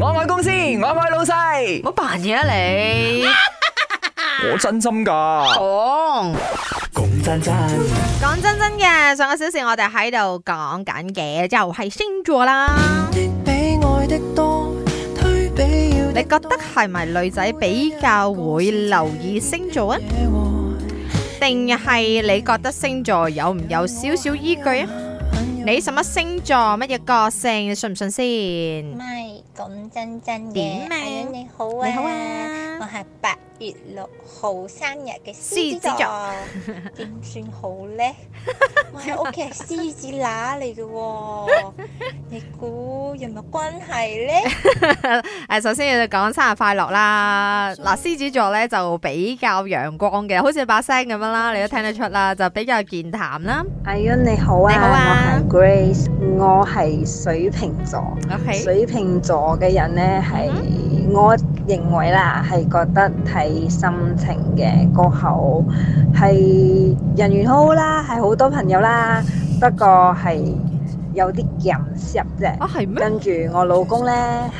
我愛公司，我愛老細，我扮嘢啊！你我真心噶，講，講真真講真真嘅，上個小時我哋喺度講緊嘅就係星座啦。你覺得係咪女仔比較會留意星座啊？定係你覺得星座有唔有少少依據啊？你什麼星座，乜嘢個性，你信唔信先？咁真真嘅，名你好啊！我係八月六號生日嘅獅子座，點 算好咧？ 我喺屋企係獅子乸嚟嘅， 你估人物關係咧？誒， 首先要講生日快樂啦！嗱， 獅子座咧就比較陽光嘅，好似你把聲咁樣啦，你都聽得出啦，就比較健談啦。係啊，你好啊，你好啊，Grace，我係 Gr 水瓶座，Okay. 水瓶座嘅人咧係。 我認為啦，係覺得睇心情嘅。個口係人緣好好啦，係好多朋友啦。不過係有啲夾唔攝啫，啊，係咩？跟住我老公呢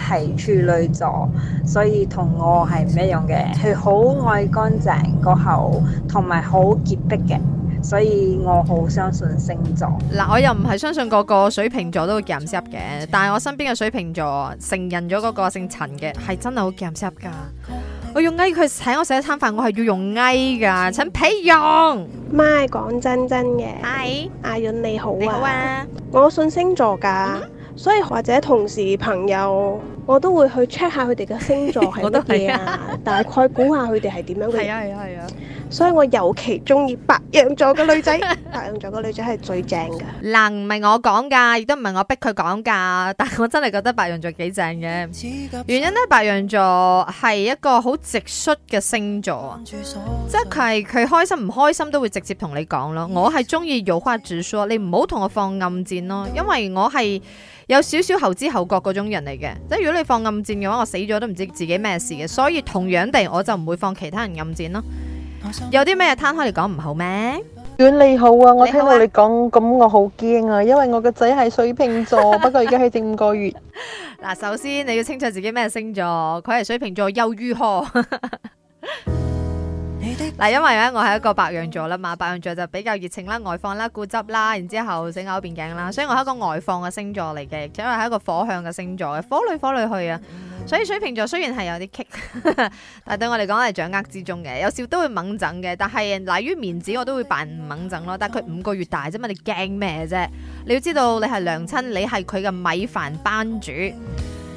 係處女座，所以同我係唔一樣嘅。佢好愛乾淨口，個口同埋好潔癖嘅。所以我好相信星座。嗱，我又唔係相信嗰個水瓶座都會 get 唔 sharp 嘅，但係我身邊嘅水瓶座承認咗嗰個姓陳嘅係真係好 get 唔 sharp 噶。我用埃佢請我食一餐飯，我係要用埃噶，請屁用。媽講真真嘅係。Hi 阿潤你好啊。你好啊。我信星座噶，嗯、所以或者同事朋友。我都會去 check 下佢哋嘅星座係咪？我都係啊，大概估下佢哋係點樣嘅。係啊係啊係啊！啊，所以我尤其中意白羊座嘅女仔，白羊座嘅女仔係最正㗎、 嗯。嗱，唔係我講㗎，亦都唔係我逼佢講㗎，但我真係覺得白羊座幾正嘅。原因咧，白羊座係一個好直率嘅星座，即係佢開心唔開心都會直接同你講咯。我係中意有話直說，你唔好同我放暗箭咯，因為我係有少少後知後覺嗰種人嚟嘅。即係如果你放暗箭嘅話，我死咗都唔知自己咩事嘅，所以同樣地，我就唔會放其他人暗箭咯。想有啲咩攤開嚟講唔好咩？願你好啊，我聽到你講，咁、啊、我好驚啊，因為我個仔係水瓶座， 不過而家係正五個月。嗱， 首先你要清楚自己咩星座，佢係水瓶座又如何？ 嗱，因為咧我係一個白羊座啦嘛，白羊座就比較熱情啦、外放啦、固執啦，然之後整拗變頸啦，所以我係一個外放嘅星座嚟嘅，仲係係一個火向嘅星座嘅，火裡火裡去啊，所以水瓶座雖然係有啲棘，但係對我嚟講係掌握之中嘅，有少都會猛整嘅，但係賴於面子我都會扮唔猛整咯，但係佢五個月大啫嘛，你驚咩啫？你要知道你係娘親，你係佢嘅米飯班主。